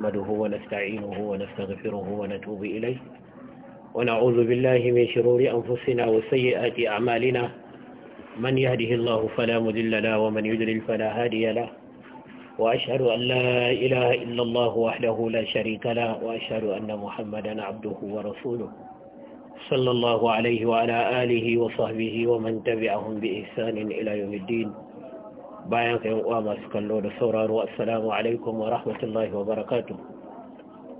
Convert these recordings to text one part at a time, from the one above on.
نحمده ونستعينه ونستغفره ونتوب إليه ونعوذ بالله من شرور أنفسنا وسيئات أعمالنا من يهده الله فلا مذل له ومن يدلل فلا هادي له وأشهد أن لا إله إلا الله وحده لا شريك له وأشهد أن محمدا عبده ورسوله صلى الله عليه وعلى آله وصحبه ومن تبعهم بإحسان إلى يوم الدين bayan ka yin uwa masu kallo da sauraro assalamu alaikum wa rahmatullahi wa barakatu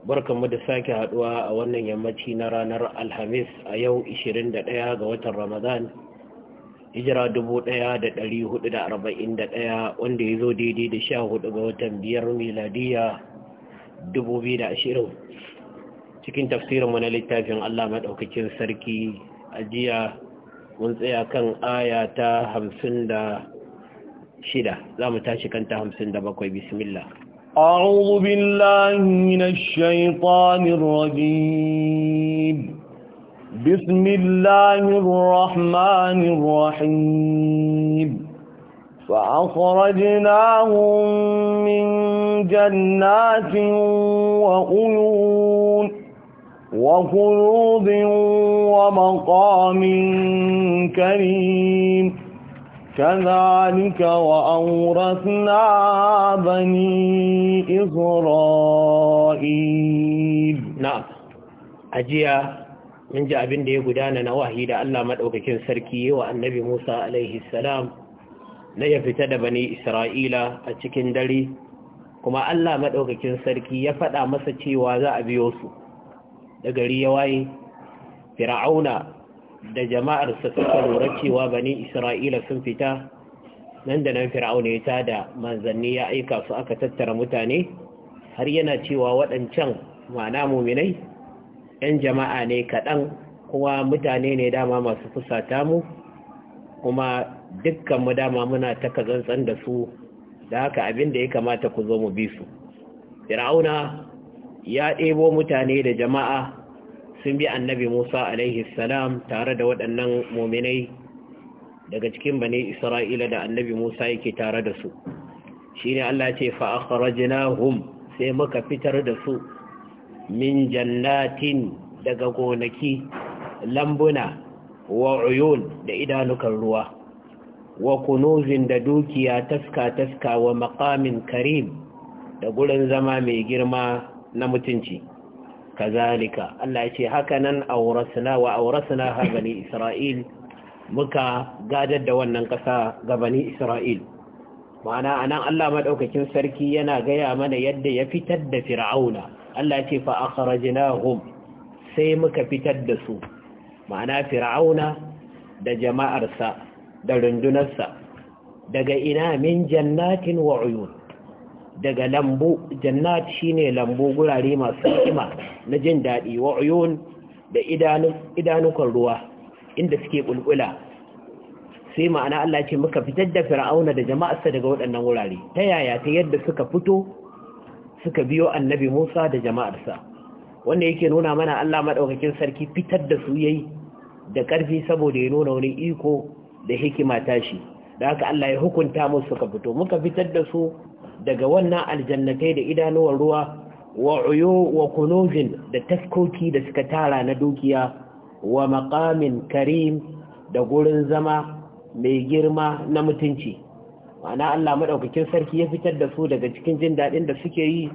barkanmu da sake haduwa a wannan yammaci na ranar alhamis a yau 21 ga watan ramadan hijira 1441 wanda ya zo daidai da 14 ga watan biyar miladiya 2020 cikin tafsirinmu na littafin allah maɗaukakin sarki a jiya mun tsaya kan aya ta hamsin da شدة لا mu tashi kanta hamsin da بسم الله أعوذ بالله من الشيطان الرجيم بسم الله الرحمن الرحيم فأخرجناهم من جنات وأيون وخلوب ومقام كريم كذلك وأورثنا بني إسرائيل نعم أجيا من جاء بن دي قدانا نواهي دا ألا مدعوك كن سركي والنبي موسى عليه السلام نيفتد بني إسرائيل أتكن دلي كما ألا مدعوك كن سركي يفتع مسكي وذا أبيوسو دقري يواي فرعون da jama'ar sa suka lura cewa bani isra'ila sun fita nan da nan fir'auna ya da manzanni ya aika su aka tattara mutane har yana cewa waɗancan ma'ana muminai ‘yan jama'a ne kaɗan kuma mutane ne dama masu fusata mu kuma dukkan mu dama muna taka kazantsan da su da haka abin da ya kamata ku zo mu bi su. Fir'auna ya ɗebo mutane da jama'a sun bi annabi Musa alaihi salam tare da waɗannan muminai daga cikin bane Isra'ila da annabi Musa yake tare da su shine Allah ce fa akhrajnahum sai muka fitar da su min jannatin daga gonaki lambuna wa uyun da idanukan ruwa wa kunuzin da dukiya taska taska wa maqamin karim da gurin zama mai girma na mutunci kazalika Allah ya ce haka nan aurasna wa aurasna ha bani Isra'il muka gadar da wannan ƙasa ga bani Isra'il ma'ana anan Allah maɗaukakin sarki yana gaya mana yadda ya fitar da fir'auna Allah ya ce fa akhrajnahum sai muka fitar da su ma'ana fir'auna da jama'arsa da rundunarsa daga ina min jannatin wa daga lambu jannat shine lambu gurare masu hikima na jin daɗi wa uyun da idanukan ruwa inda suke ƙulƙula, sai ma'ana Allah ce muka fitar da fir'auna da jama'arsa daga waɗannan wurare ta yaya ta yadda suka fito suka biyo annabi Musa da jama'arsa wanda yake nuna mana Allah Maɗaukakin sarki fitar da su yayi da ƙarfi saboda ya nuna wani iko da hikima tashi da haka Allah ya hukunta musu suka fito muka fitar da su daga wannan aljannatai da idanuwar ruwa wa uyo wa kunuzin da taskoki da suka tara na dukiya wa maqamin karim da gurin zama mai girma na mutunci ma'ana Allah maɗaukakin sarki ya fitar da su daga cikin jin daɗin da suke yi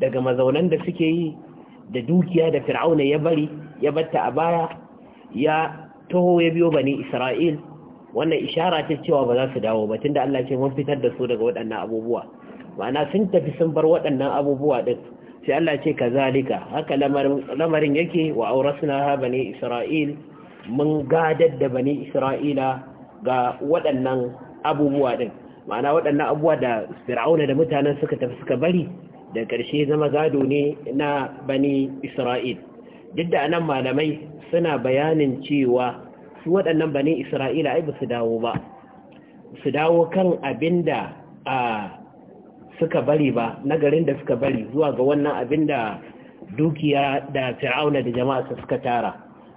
daga mazaunan da suke yi da dukiya da fir'auna ya bari ya batta a baya ya taho ya biyo bani Isra'il wannan ishara ta cewa ba za su dawo ba Tun da Allah ce mun fitar da su daga waɗannan abubuwa ma'ana sun tafi sun bar waɗannan abubuwa ɗin sai Allah ce ka zalika haka lamarin yake wa aurasuna ha bane isra'il mun gadar da bane isra'ila ga waɗannan abubuwa ɗin ma'ana waɗannan abubuwa da fir'auna da mutanen suka tafi suka bari da ƙarshe zama gado ne na bane isra'il duk da anan malamai suna bayanin cewa su waɗannan bane isra'ila ai ba su dawo ba su dawo kan abinda a suka bari ba na garin da suka bari zuwa ga wannan abin da dukiya da fir'auna da jama'a suka tara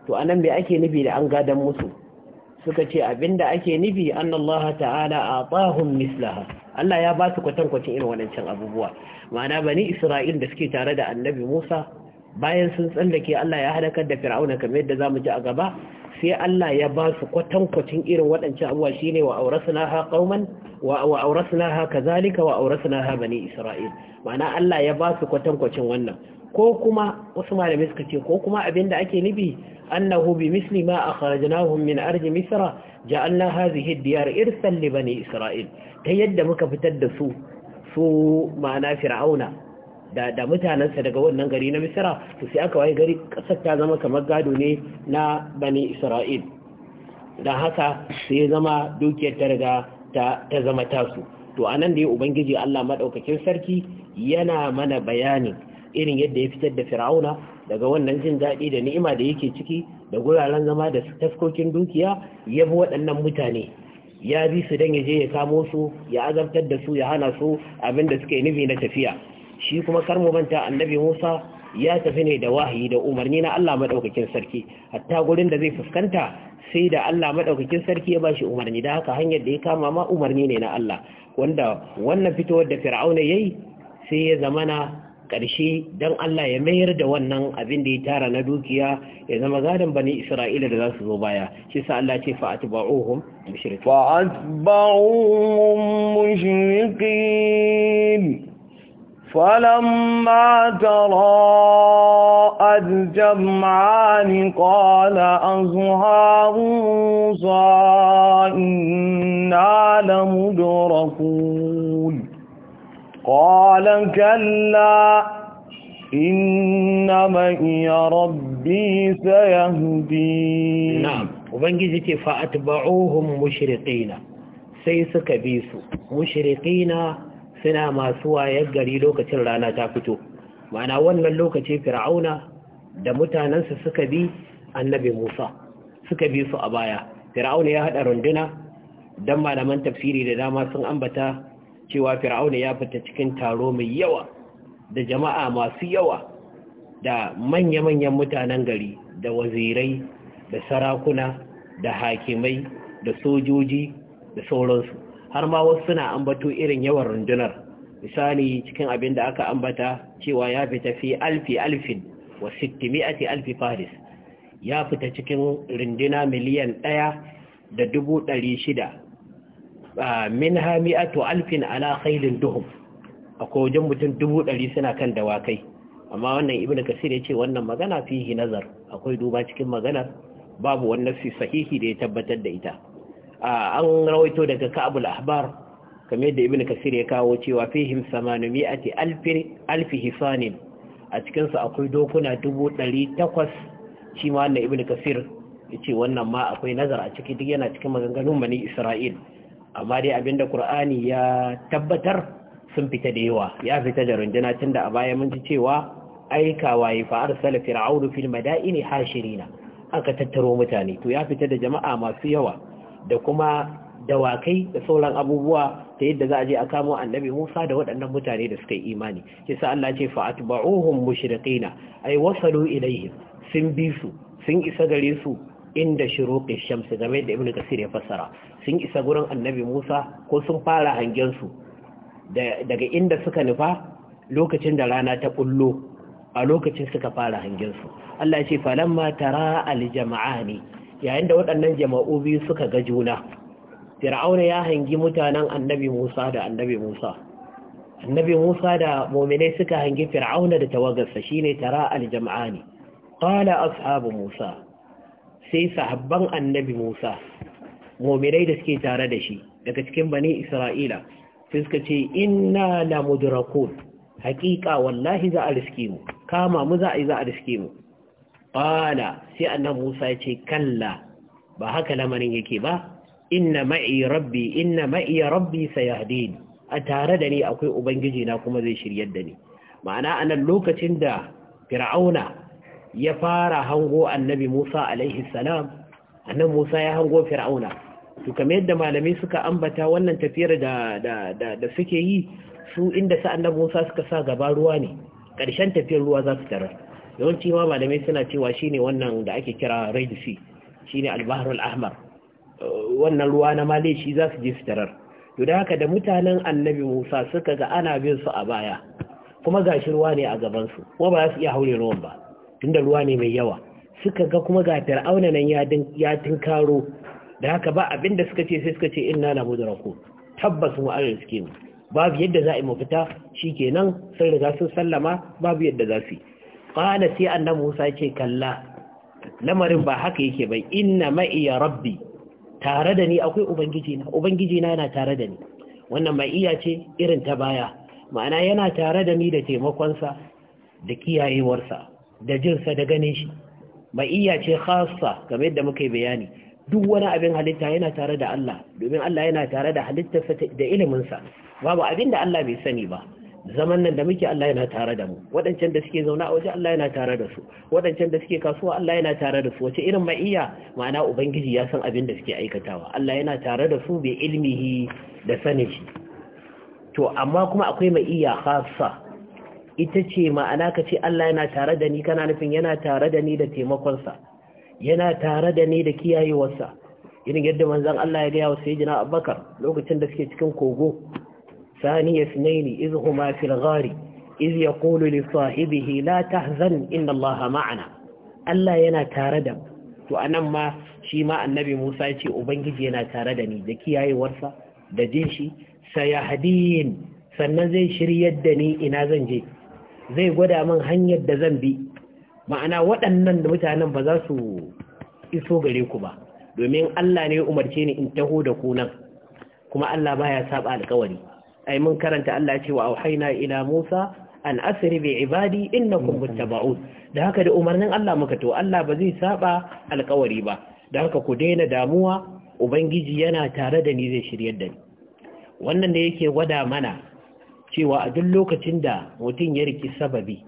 to anan me ake nufi da an gadan musu suka ce abin da ake nufi annallaha ta'ala atahum mislaha Allah ya ba su kwatankwacin irin waɗancan abubuwa ma'ana bani Isra'il da suke tare da Annabi Musa bayan sun tsallake Allah ya halakar da Fir'auna kamar yadda zamu ji a gaba sai Allah ya ba su kwatankwacin irin waɗancan abuwa shi ne wa aurasuna ha ƙauman wa aurasuna ha kazalika wa aurasuna ha isra'il ma'ana Allah ya ba su kwatankwacin wannan ko kuma wasu malamai suka ce ko kuma abin da ake nufi annahu bi misli ma akhrajnahum min ardi misra ja'alna hadhihi diyar irsan li bani isra'il ta yadda muka fitar da su su ma'ana fir'auna da da mutanensa daga wannan gari na misra to sai aka waye gari kasar ta zama kamar gado ne na bani isra'il da haka sai zama dukiyar ta riga ta zama tasu to anan da ya ubangiji allah maɗaukakin sarki yana mana bayani irin yadda ya fitar da fir'auna daga wannan jin daɗi da ni'ima da yake ciki da guraren zama da taskokin dukiya ya bi waɗannan mutane ya bi su don ya je ya kamo su ya azabtar da su ya hana su abin da suka yi nufi na tafiya shi kuma kar mu manta annabi Musa ya tafi ne da wahayi da umarni na Allah madaukakin sarki hatta gurin da zai fuskanta sai da Allah madaukakin sarki ya ba shi umarni da haka hanyar da ya kama ma umarni ne na Allah wanda wannan fitowar da Fir'auna yayi sai ya zama na ƙarshe don Allah ya mayar da wannan abin da ya tara na dukiya ya zama gadon bani Isra'ila da za su zo baya shi sa Allah ce fa'at ba'uhum mushrikin fa'at ba'uhum mushrikin فلما ترى الجمعان قال أزهار موسى إنا لمدركون قال كلا إن معي ربي سيهدين نعم وبنجزتي فأتبعوهم مشرقين سيسك بيسو مشرقين suna masu wayar gari lokacin rana ta fito ma'ana wannan lokaci fir'auna da mutanensa suka bi annabi musa suka bi su a baya fir'auna ya haɗa runduna don malaman tafsiri da dama sun ambata cewa fir'auna ya fita cikin taro mai yawa da jama'a masu yawa da manya-manyan mutanen gari da wazirai da sarakuna da hakimai da sojoji da sauransu har ma wasu suna ambato irin yawan rundunar misali cikin abin da aka ambata cewa ya fita fi alfi alfin wa sittimi'ati alfi faris ya fita cikin rundunar miliyan ɗaya da dubu ɗari shida min alfin ala khailin duhum akwai wajen mutum dubu ɗari suna kan dawakai amma wannan ibn kasir ya ce wannan magana fihi nazar akwai duba cikin maganar babu wannan sahihi da ya tabbatar da ita an rawaito daga ka'abul ahbar kamar yadda ibnu kasir ya kawo cewa fihim 800 alfi hisanin a cikin akwai dokuna dubu ɗari shi ma wannan ibnu kasir yace wannan ma akwai nazar a ciki duk yana cikin maganganun bani isra'il amma dai abinda qur'ani ya tabbatar sun fita da yawa ya fita da runduna tunda a baya mun ji cewa aikawa ya fa arsal fir'aunu fil madaini hashirina aka tattaro mutane to ya fita da jama'a masu yawa da kuma dawakai da sauran abubuwa ta yadda za a je a kamo annabi Musa da waɗannan mutane da suka yi imani sa Allah ce fa atba'uhum mushriqina ay wasalu ilayhim sun bi su sun isa gare su inda shuruqi shamsi game da ibnu kasir ya fassara sun isa gurin annabi Musa ko sun fara hangen su daga inda suka nufa lokacin da rana ta kullo a lokacin suka fara hangen su Allah ya ce falamma tara al-jama'ani yayin da waɗannan jama'u biyu suka ga juna fir'auna ya hangi mutanen annabi musa da annabi musa annabi musa da momine suka hangi fir'auna da tawagarsa shine tara ne ƙwala ashabu musa sai sahabban annabi musa muminai da suke tare da shi daga cikin bani isra'ila sai suka ce inna na mudurakun haƙiƙa wallahi za a riske mu kama mu za a yi za a riske mu ƙala sai Annabi musa ya ce kalla ba haka lamarin yake ba inna ma'i rabbi inna ma'i rabbi sayahdin a tare da ni akwai ubangiji na kuma zai shiryar da ni ma'ana anan lokacin da fir'auna ya fara hango annabi musa alaihi salam annan musa ya hango fir'auna to kamar yadda malamai suka ambata wannan tafiyar da da da, suke yi su inda sa annabi musa suka sa gaba ruwa ne ƙarshen tafiyar ruwa za su tarar yawanci ma malamai suna cewa shine wannan da ake kira red sea shine al-bahrul ahmar wannan ruwa na male shi za su je su tarar to da haka da mutanen annabi Musa suka ga ana bin su a baya kuma gashi ruwa ne a gaban su kuma ba za su iya haure ruwan ba tunda ruwa ne mai yawa suka ga kuma ga fir'auna nan ya tinkaro da haka ba abinda suka ce sai suka ce inna la mudraku tabbas mu suke riske babu yadda za a yi mu fita shikenan sun riga sun sallama babu yadda za su yi ƙala sai annabi musa ce kalla lamarin ba haka yake bai inna ma'iya rabbi tare da ni akwai ubangiji na ubangiji na yana tare da ni wannan ma'iya ce irin ta baya ma'ana yana tare da ni da taimakonsa da kiyayewarsa da jinsa da ganin shi iya ce khassa game da muka yi bayani duk wani abin halitta yana tare da Allah domin Allah yana tare da halittarsa da iliminsa babu abin da Allah bai sani ba zaman nan da muke Allah yana tare da mu waɗancan da suke zauna a waje Allah yana tare da su waɗancan da suke kasuwa Allah yana tare da su wace irin ma'iya ma'ana ubangiji ya san abin da suke aikatawa Allah yana tare da su bi ilmihi da sanin shi to amma kuma akwai ma'iya khassa ita ce ma'ana ka ce Allah yana tare da ni kana nufin yana tare da ni da taimakonsa yana tare da ni da kiyayewarsa irin yadda manzon Allah ya ga wa sayyidina Abubakar lokacin da suke cikin kogo ثاني اثنين إذ هما في الغار إذ يقول لصاحبه لا تهزن إن الله معنا ألا ينا تاردم وأنا ما شيما النبي موسى يتي أبنجي ينا تاردني ذكي أي ورثة دجيشي سيهدين sannan zai shiryar da ni ina zan je zai gwada min hanyar da zan bi ma'ana waɗannan mutanen ba za su iso gare ku ba domin Allah ne ya umarce ni in taho da ku nan kuma Allah baya saba alƙawari ai mun karanta Allah ce wa auhaina ila Musa an asri bi ibadi innakum muttaba'un da haka da umarnin Allah muka to Allah ba zai saba alƙawari ba da haka ku daina damuwa ubangiji yana tare da ni zai shiryar da ni wannan da yake gwada mana cewa a duk lokacin da mutum ya riki sababi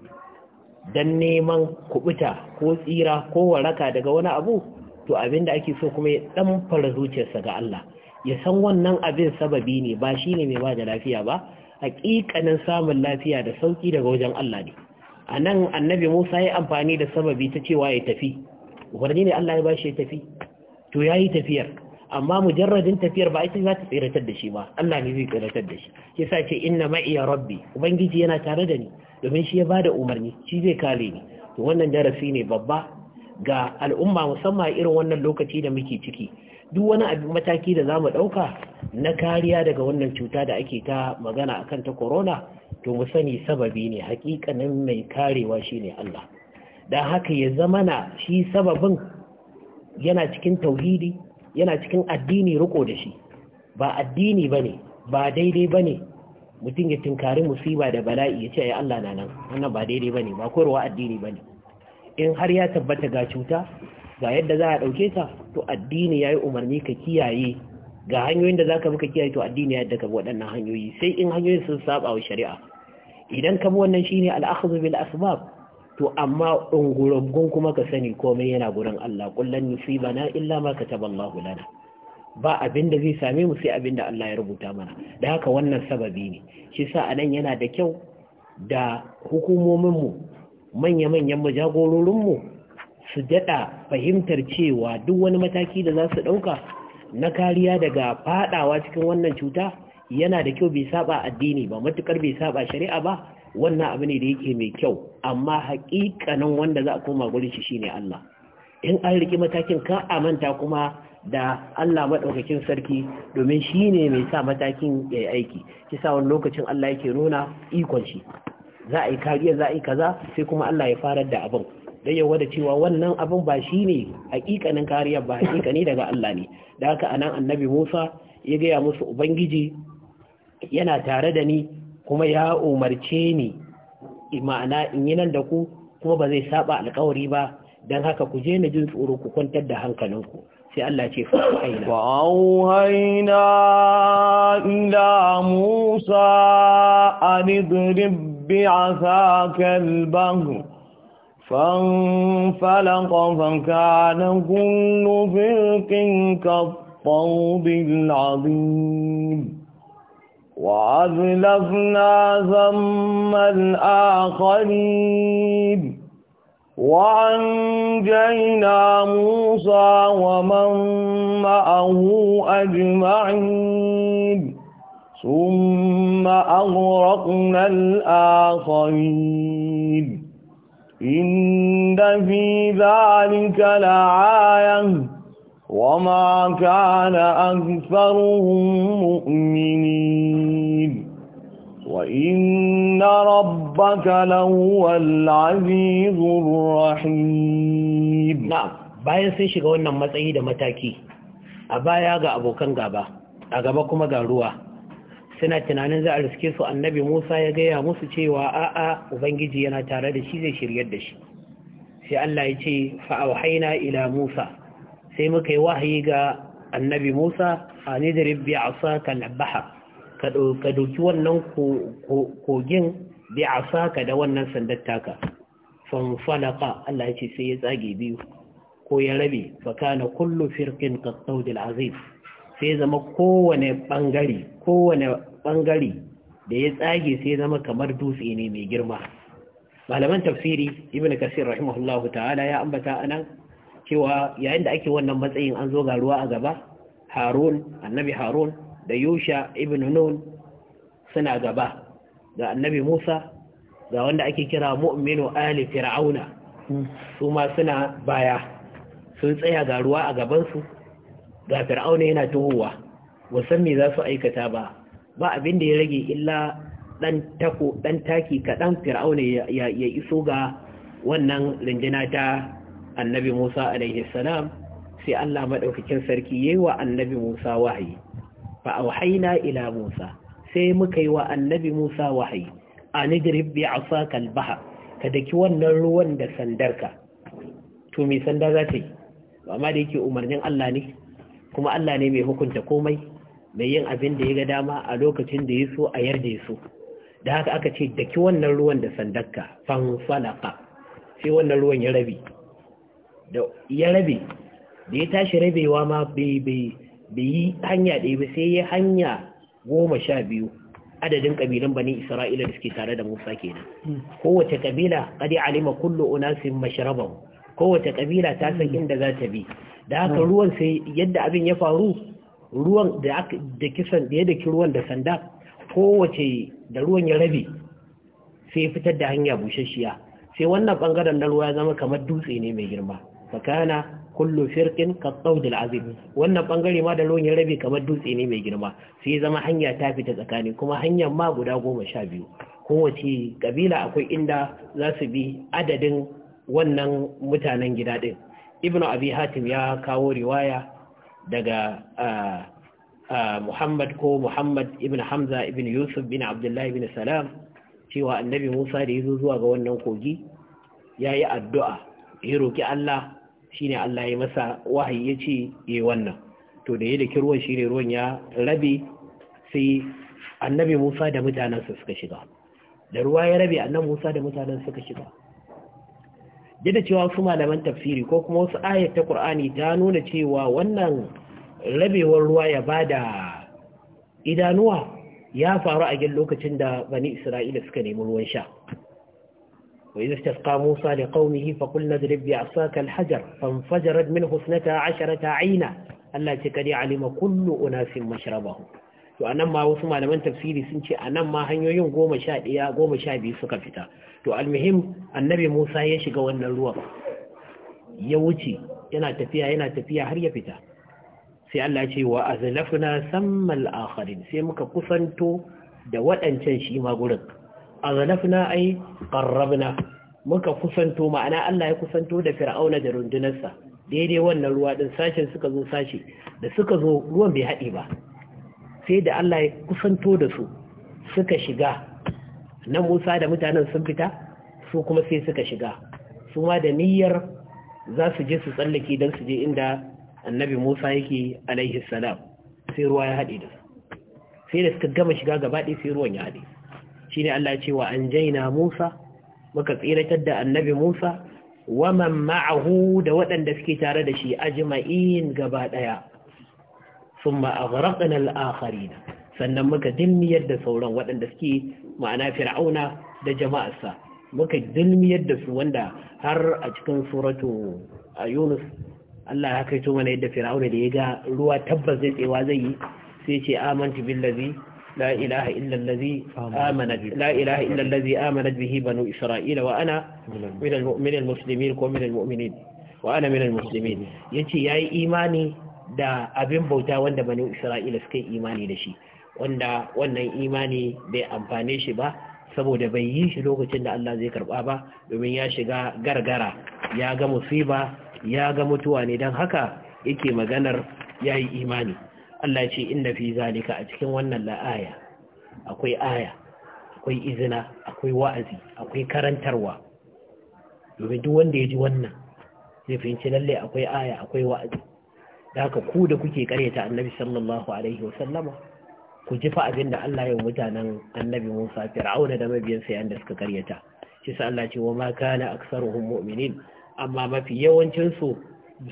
dan neman kubuta ko tsira ko waraka daga wani abu to abin da ake so kuma ya ɗan fara zuciyarsa ga Allah ya san wannan abin sababi ne ba shi ne mai ba da lafiya ba hakikanin samun lafiya da sauƙi daga wajen Allah ne a nan annabi musa ya amfani da sababi ta cewa ya tafi wani ne Allah ya ba shi ya tafi to ya yi tafiyar amma mujarradin tafiyar ba ita za ta tsiratar da shi ba Allah ne zai tsiratar da shi ya sa ce inna ma'iya rabbi ubangiji yana tare da ni domin shi ya ba da umarni shi zai kare ni to wannan darasi ne babba ga al'umma musamman irin wannan lokaci da muke ciki duk wani abin mataki da za mu ɗauka na kariya daga wannan cuta da ake ta magana akan ta corona to mu sani sababi ne hakikanin mai karewa shi ne Allah don haka ya zama na shi sababin yana cikin tauhidi yana cikin addini riko da shi ba addini ba ne, ba daidai ba ne. mutum ya tinkari musiba da bala'i ya ce ya Allah na nan wannan ba daidai ba ne. ba koyarwa addini ba ne. in har ya tabbata ga cuta ga yadda za a ɗauke ta to addini ya yi umarni ka kiyaye ga hanyoyin da za ka kiyaye to addini ya yadda ka waɗannan hanyoyi sai in hanyoyin sun saba wa shari'a idan ka bi wannan shine al'akhadhu bil asbab to amma ungurungun kuma ka sani komai yana gurin Allah kullan bana illa ma Allah lana ba abin da zai same mu sai abin da Allah ya rubuta mana da haka wannan sababi ne shi sa anan yana da kyau da hukumomin mu manya-manyan mu su daɗa fahimtar cewa duk wani mataki da za su ɗauka na kariya daga faɗawa cikin wannan cuta yana da kyau bai saba addini ba matuƙar bai saba shari'a ba wannan abu ne da yake mai kyau amma haƙiƙanin wanda za a koma gurin shi shine Allah in an riki matakin ka manta kuma da Allah maɗaukakin sarki domin shi ne mai sa matakin ya yi aiki sa wani lokacin Allah yake nuna ikon shi za a yi kariya za a yi kaza sai kuma Allah ya farar da abin da yawa da cewa wannan abin ba shi ne hakikanin kariya ba hakikani daga Allah ne da haka anan annabi Musa ya gaya musu ubangiji yana tare da ni kuma ya umarce ni ma'ana in yi nan da ku kuma ba zai saba alkawari ba dan haka ku je na jin tsoro ku kwantar da hankalinku sai Allah ce fa'aina fa'aina ila Musa an idrib bi'asaka al-bahr فانفلق فكان كل فرق كالطود العظيم وأذلفنا ثم الآخرين وأنجينا موسى ومن معه أجمعين ثم أغرقنا الآخرين إِنَّ فِي ذَلِكَ لآية وَمَا كَانَ أَكْثَرُهُم مُؤْمِنِينَ وَإِنَّ رَبَّكَ لَهُوَ الْعَزِيزُ الرَّحِيمُ نعم bayan sun shiga wannan matsayi da mataki a baya ga abokan gaba a gaba kuma ga ruwa suna tunanin za a riske su annabi Musa ya gaya musu cewa a'a Ubangiji yana tare da shi zai shiryar da shi sai Allah ya ce fa'auhaina ila Musa sai muka yi wahayi ga annabi Musa a nidirib bi asa ka labaha ka doki wannan kogin a asa ka da wannan sandattaka fanfalaka Allah ya ce sai ya tsage biyu ko ya rabe fakana kullu firqin qattaudil azif sai zama kowane bangare kowane ɓangare da ya tsage sai zama kamar dutse ne mai girma malaman tafsiri ibn kasir rahimahullahu ta'ala ya ambata anan cewa yayin da ake wannan matsayin an zo ga ruwa a gaba harun annabi harun da yusha ibn nun suna gaba ga annabi musa ga wanda ake kira mu'minu ali fir'auna su ma suna baya sun tsaya ga ruwa a gabansu ga fir'auna yana tuhowa wasan me za su aikata ba ba abin da ya rage illa ɗan taki kaɗan fir'auna ya iso ga wannan rinjina ta annabi musa alaihi salam sai allah maɗaukakin sarki ya yi wa annabi musa wahayi fa auhaina ila musa sai muka yi wa annabi musa wahayi a nidrib bi asaka al ka daki wannan ruwan da sandarka to me sanda za ta yi amma da yake umarnin Allah ne kuma Allah ne mai hukunta komai mai yin abin da ya ga dama a lokacin da ya so a yarda ya so da haka aka ce daki wannan ruwan da sandakka fanfalaka sai wannan ruwan ya rabe da ya rabe da ya tashi rabewa ma bai yi hanya ɗaya ba sai ya hanya goma sha biyu adadin kabilan bani isra'ila da suke tare da musa kenan hmm. kowace kabila kadi alima kullu unasin mashrabahu kowace kabila ta san hmm. inda za ta bi da haka hmm. ruwan sai yadda abin ya faru ruwan da da kisan da ya daki ruwan da sanda kowace da ruwan ya rabe sai fitar da hanya bushashiya sai wannan bangaren na ruwa ya zama kamar dutse ne mai girma fakana kullu firqin ka tsawdil azim wannan bangare ma da ruwan ya rabe kamar dutse ne mai girma sai zama hanya ta fita tsakani kuma hanyar ma guda goma sha biyu kowace kabila akwai inda za su bi adadin wannan mutanen gida din ibnu abi hatim ya kawo riwaya daga Muhammad ko Muhammad ibn Hamza ibn Yusuf bin Abdullahi ibn Salam cewa annabi Musa da yazo zuwa ga wannan kogi yayi addu'a ya roki Allah shine Allah ya masa wahayi ya ya yi wannan to da daki ruwan shine ruwan ya rabe sai annabi Musa da mutanansa suka shiga da ruwa ya rabe annabi Musa da mutanen suka shiga Jada cewa su malaman tafsiri ko kuma wasu ayat ta Qur'ani ta nuna cewa wannan rabewar ruwa ya bada idanuwa ya faru a gin lokacin da bani Isra'ila suka nemi ruwan sha wa idh istasqa Musa li qaumihi fa qulna idrib bi 'asaka al-hajar fanfajarat husnata, 12 'ayna Allah ce kadi alima kullu unasin mashrabahu to anan ma wasu malaman tafsiri sun ce anan ma hanyoyin 11 12 suka fita to almuhim annabi Musa ya shiga wannan ruwan ya wuce yana tafiya yana tafiya har ya fita sai Allah ce wa azlafna sammal akharin sai muka kusanto da waɗancan shi ma gurin azlafna ai qarrabna muka kusanto ma'ana Allah ya kusanto da fir'auna da rundunarsa daidai wannan ruwa din sashen suka zo sashi da suka zo ruwan bai haɗe ba sai da Allah ya kusanto da su suka shiga nan Musa da mutanen sun fita su kuma sai suka shiga su ma da niyyar za su je su tsallake don su je inda annabi Musa yake alaihi salam sai ruwa ya haɗe da su sai da suka gama shiga gaba ɗaya sai ruwan ya haɗe shine Allah cewa an jaina Musa muka tsiratar da annabi Musa wa man ma'ahu da waɗanda suke tare da shi ajma'in gaba ɗaya thumma aghraqna al sannan muka dilmiyar da sauran waɗanda suke ma'ana fir'auna da jama'arsa muka dilmiyar da su wanda har a cikin suratu a yunus Allah ya kai mana yadda fir'auna da ya ga ruwa tabbas zai tsewa zai yi sai ce amantu billazi la ilaha illa allazi amana la ilaha illa allazi bihi banu isra'ila wa ana min al-mu'minin muslimin ko min al-mu'minin wa ana min al-muslimin yace yayi imani da abin bauta wanda banu isra'ila suka yi imani da shi wanda wannan imani bai amfane shi ba saboda bai yi shi lokacin da Allah zai karba ba domin ya shiga gargara ya ga musiba ya ga mutuwa ne don haka yake maganar ya yi imani Allah ce inda fi zalika a cikin wannan la'aya akwai aya akwai izina akwai wa'azi akwai karantarwa domin duk wanda ya ji wannan zai fahimci lalle akwai aya akwai wa'azi da haka ku da kuke karyata annabi sallallahu alaihi wasallama ku jifa fa abin da Allah ya mutanen annabi Musa Fir'auna da mabiyansa da suka karyata shi sa Allah ce wa ma kana aksaruhum mu'minin amma mafi yawancin su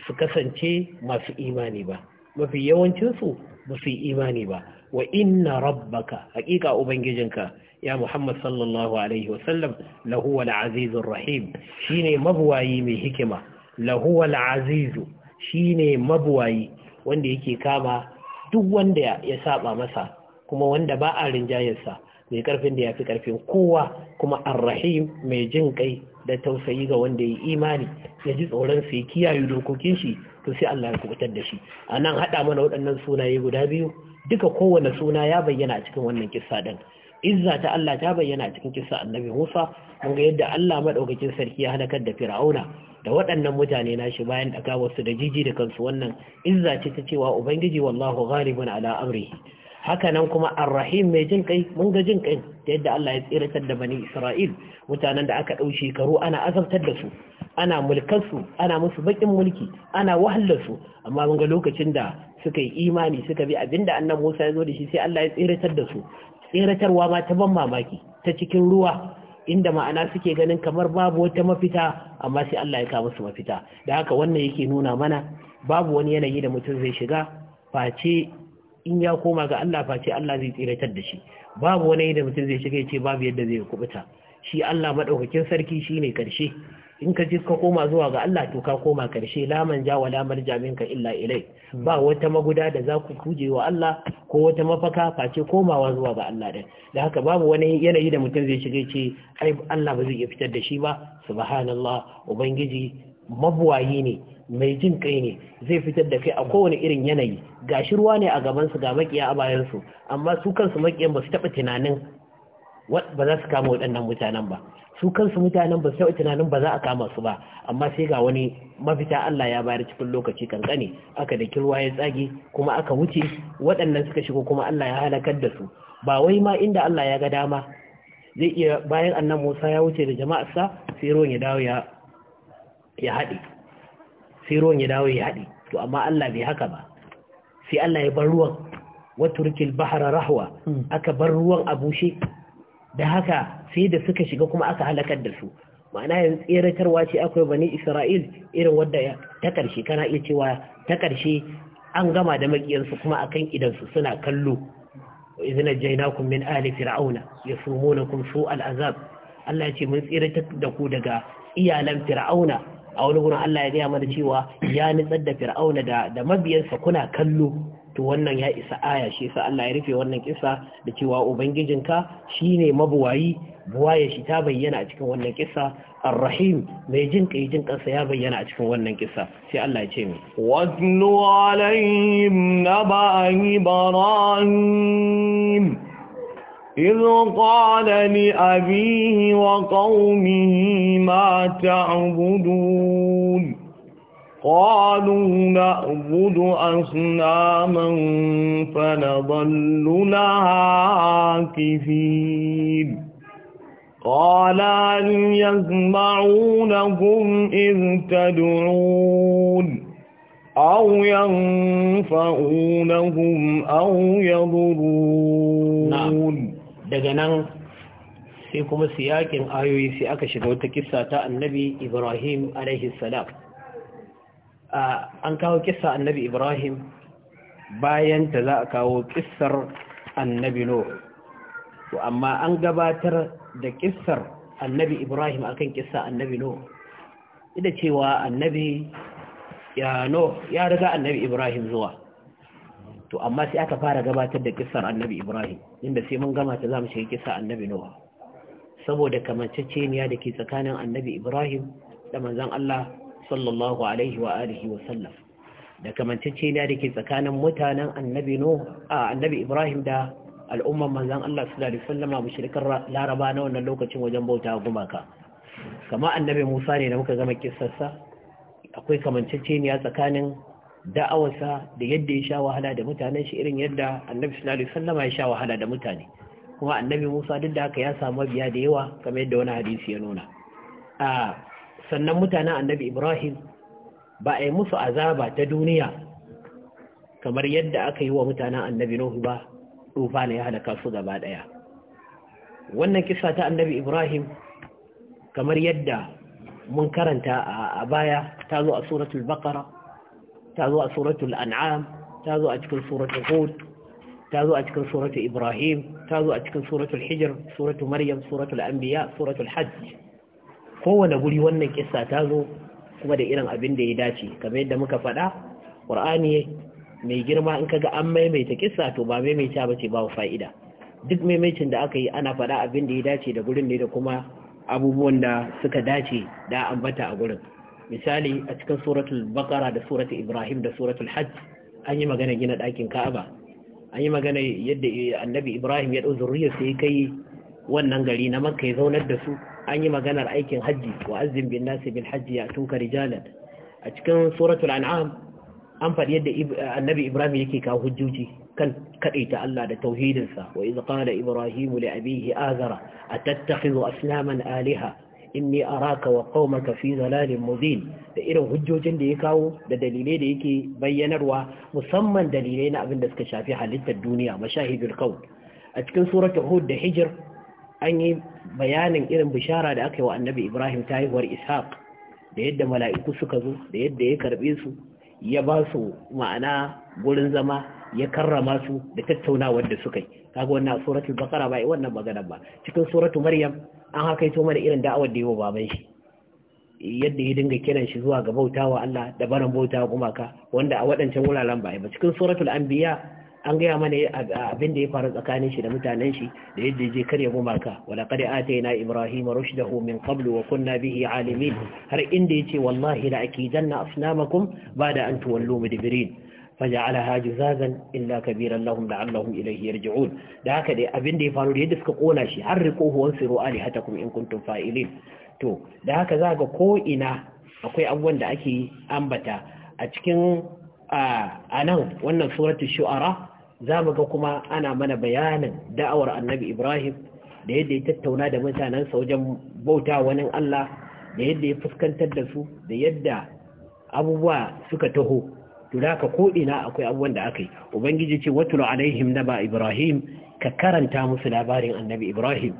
su kasance masu imani ba mafi yawancin su ba su imani ba wa inna rabbaka hakika ubangijinka ya Muhammad sallallahu alaihi wa sallam lahu wal azizur rahim shine mabwayi mai hikima lahu wal azizu shine mabwayi wanda yake kama duk wanda ya saba masa kuma wanda ba a rinjayensa mai karfin da ya fi karfin kowa kuma arrahim mai jin kai da tausayi ga wanda ya yi imani ya ji tsoron su sai kiyaye dokokin shi to sai Allah ya kubutar da shi a nan haɗa mana waɗannan sunaye guda biyu duka kowane suna ya bayyana a cikin wannan kissa ɗin izza ta Allah ta bayyana a cikin kissa annabi Musa mun ga yadda Allah madaukakin sarki ya halakar da Fir'auna da waɗannan mutane shi bayan da wasu da jiji da kansu wannan izza ce ta cewa ubangiji wallahu ghalibun ala amrihi hakanan kuma arrahim mai jin kai mun ga jin kai da yadda Allah ya tsiratar da bani Isra'il mutanen da aka ɗau shekaru ana azabtar da su ana mulkar su ana musu bakin mulki ana wahalar su amma mun ga lokacin da suka yi imani suka bi abinda annabi Musa ya zo da shi sai Allah ya tsiratar da su tsiratarwa ma ta ban mamaki ta cikin ruwa inda ma'ana suke ganin kamar babu wata mafita amma sai Allah ya kawo musu mafita da haka wannan yake nuna mana babu wani yanayi da mutum zai shiga face in ya koma ga Allah face Allah zai tsiratar da shi babu wani yadda mutum zai shiga yace babu yadda zai kubuta shi Allah madaukakin sarki shine karshe in ka ji ka koma zuwa ga Allah to ka koma karshe la manja wa la marja minka illa ilai ba wata maguda da za ku kuje wa Allah ko wata mafaka face komawa zuwa ga Allah din da haka babu wani yanayi da mutum zai shiga yace, ai Allah ba zai iya fitar da shi ba subhanallah ubangiji mabuwayi ne mai jin kai ne zai fitar da kai a kowane irin yanayi ga ruwa ne a gabansu ga makiya a bayansu amma su kansu makiyan ba su taɓa tunanin ba za su kama waɗannan mutanen ba su kansu mutanen ba su taɓa tunanin ba za a kama su ba amma sai ga wani mafita Allah ya bayar cikin lokaci kankane aka da kirwa ya tsage kuma aka wuce waɗannan suka shigo kuma Allah ya halakar da su ba wai ma inda Allah ya ga dama zai iya bayan annan Musa ya wuce da jama'arsa sai ruwan ya dawo ya ya haɗe sai ruwan ya dawo ya haɗe to amma Allah bai haka ba sai Allah ya bar ruwan waturkil bahra rahwa hmm. aka bar ruwan a bushe da haka sai da suka shiga kuma aka halakar da su ma'ana yanzu tseratarwa ce akwai bani Isra'il irin wadda ta karshe kana iya cewa ta ƙarshe an gama da makiyansu kuma akan idansu suna kallo idan najaynakum min ali fir'auna kun su Al'azab. Allah ya ce mun tseratar da ku daga iyalan fir'auna a wani gurin Allah ya gaya mana cewa ya nitsar da fir'auna da da mabiyansa kuna kallo to wannan ya isa aya shi sa Allah ya rufe wannan kissa da cewa ubangijinka shine mabuwayi buwaye shi ta bayyana a cikin wannan kissa arrahim mai jin kai jin kansa ya bayyana a cikin wannan kissa sai Allah ya ce mi wasnu alaihim naba ibrahim إذ قال لأبيه وقومه ما تعبدون قالوا نعبد أصناما فنظل لها عاكفين قال هل يسمعونكم إذ تدعون أو ينفعونهم أو يضرون نعم. daga nan sai kuma siyakin ayoyi sai aka shiga wata kissa ta annabi ibrahim alaihissalam an kawo kissa annabi ibrahim bayan ta za a kawo kissar annabi no to amma an gabatar da kissar annabi ibrahim akan kissa annabi no ida cewa annabi ya no ya riga annabi ibrahim zuwa to amma sai aka fara gabatar da kissar annabi ibrahim inda sai mun gama ta za mu shiga kissar annabi nuwa saboda kamanceceniya da ke tsakanin annabi ibrahim da manzon allah sallallahu alaihi wa alihi wa sallam da kamanceceniya da ke tsakanin mutanen annabi nuwa a annabi ibrahim da al'umman manzon allah sallallahu alaihi wa sallama mushrikan laraba na wannan lokacin wajen bauta gumaka kama annabi musa ne da muka gama kisarsa, akwai kamanceceniya tsakanin da'awarsa da yadda ya sha wahala da mutanen shi irin yadda annabi sallallahu alaihi wasallama ya sha wahala da mutane kuma annabi Musa duk da haka ya samu biya da yawa kamar yadda wani hadisi ya nuna a sannan mutanen annabi Ibrahim ba a yi musu azaba ta duniya kamar yadda aka yi wa mutanen annabi Nuhu ba tufa ne ya halaka su gaba daya wannan kisa ta annabi Ibrahim kamar yadda mun karanta a baya ta zo a suratul baqara ta zo a suratul an'am ta zo a cikin suratul hud ta zo a cikin suratul ibrahim ta zo a cikin suratul hijr suratul maryam suratul anbiya suratul hajj kowane guri wannan kisa ta zo kuma da irin abin da ya dace kamar yadda muka faɗa qur'ani mai girma in kaga an maimaita kisa to ba maimaita ba ce ba fa'ida duk maimaitin da aka yi ana faɗa abin da ya dace da gurin ne da kuma abubuwan da suka dace da ambata a gurin misali a cikin suratul baqara da suratul ibrahim da suratul hajj an yi magana gina ɗakin ka'aba an yi magana yadda annabi ibrahim ya ɗau zuriyar sai kai wannan gari na makka ya zaunar da su an yi maganar aikin hajji wa azzin bin nasi bil hajji ya tuka rijalan a cikin suratul an'am an faɗi yadda annabi ibrahim yake kawo hujjoji kan kaɗaita Allah da tauhidinsa wa iz qala ibrahimu li abihi azara atattakhidhu aslaman aliha. inni araka wa qaumaka fi dhalalin mubin da irin hujjojin da ya kawo da dalilai da yake bayyanarwa musamman dalilai na abin da suka shafi halittar duniya mashahidul qaul a cikin suratul hud da hijr an yi bayanin irin bishara da aka yi wa annabi ibrahim ta haihuwar ishaq da yadda mala'iku suka zo da yadda ya karbe su ya ba su ma'ana gurin zama ya karrama su da tattaunawar da suka yi kaga wannan suratul baqara ba wannan magana ba cikin suratul maryam an hakaito mana irin da'awar da yawa baban shi yadda ya dinga kiran shi zuwa ga bautawa Allah da barin bautawa gumaka wanda a waɗancan wuraren ba ba cikin suratul anbiya an gaya mana abin da ya faru tsakanin shi da mutanen shi da yadda ya je karya gumaka wala qad atayna ibrahima rushdahu min qablu wa kunna bihi alimin har inda yace wallahi la akidanna asnamakum ba'da an tuwallu mudbirin faja'alaha juzazan illa kabiran lahum la'allahum ilayhi yarji'un da haka dai abin da ya faru da yadda suka kona shi har riqo huwan siru alihatakum in kuntum fa'ilin to da haka za ga ko ina akwai abubuwan da ake ambata a cikin a nan wannan suratul shu'ara za mu ga kuma ana mana bayanin da'awar annabi ibrahim da yadda ya tattauna da mutanensa wajen bauta wani allah da yadda ya fuskantar da su da yadda abubuwa suka taho to ko ina akwai abubuwan da aka yi ubangiji ce watulo alaihim ba ibrahim ka karanta musu labarin annabi ibrahim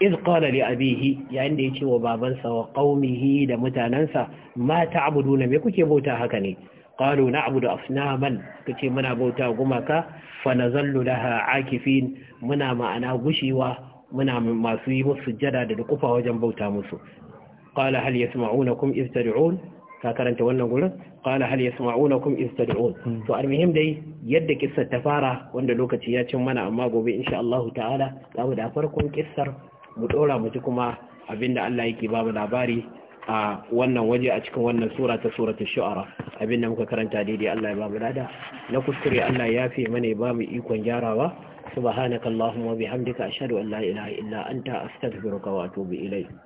iz qala li abihi yayin da yace wa babansa wa qaumihi da mutanansa ma ta'buduna me kuke bauta haka ne qalu na'budu asnaman kace muna bauta gumaka fa nazallu laha akifin muna ma'ana gushiwa muna masu yi musu sujjada da dukufa wajen bauta musu qala hal yasma'unakum iz tad'un ka karanta wannan gurin qala hal yasma'unakum istad'un to almuhim dai yadda kissar ta fara wanda lokaci ya cin mana amma gobe insha Allah ta'ala za mu da farkon kissar mu dora mu ji kuma abinda Allah yake ba mu labari a wannan waje a cikin wannan sura ta suratu shu'ara abinda muka karanta daidai Allah ya ba mu lada na kuskure Allah ya fi mana ba mu ikon gyarawa subhanakallahumma wa bihamdika ashhadu an la ilaha illa anta astaghfiruka wa atubu ilayk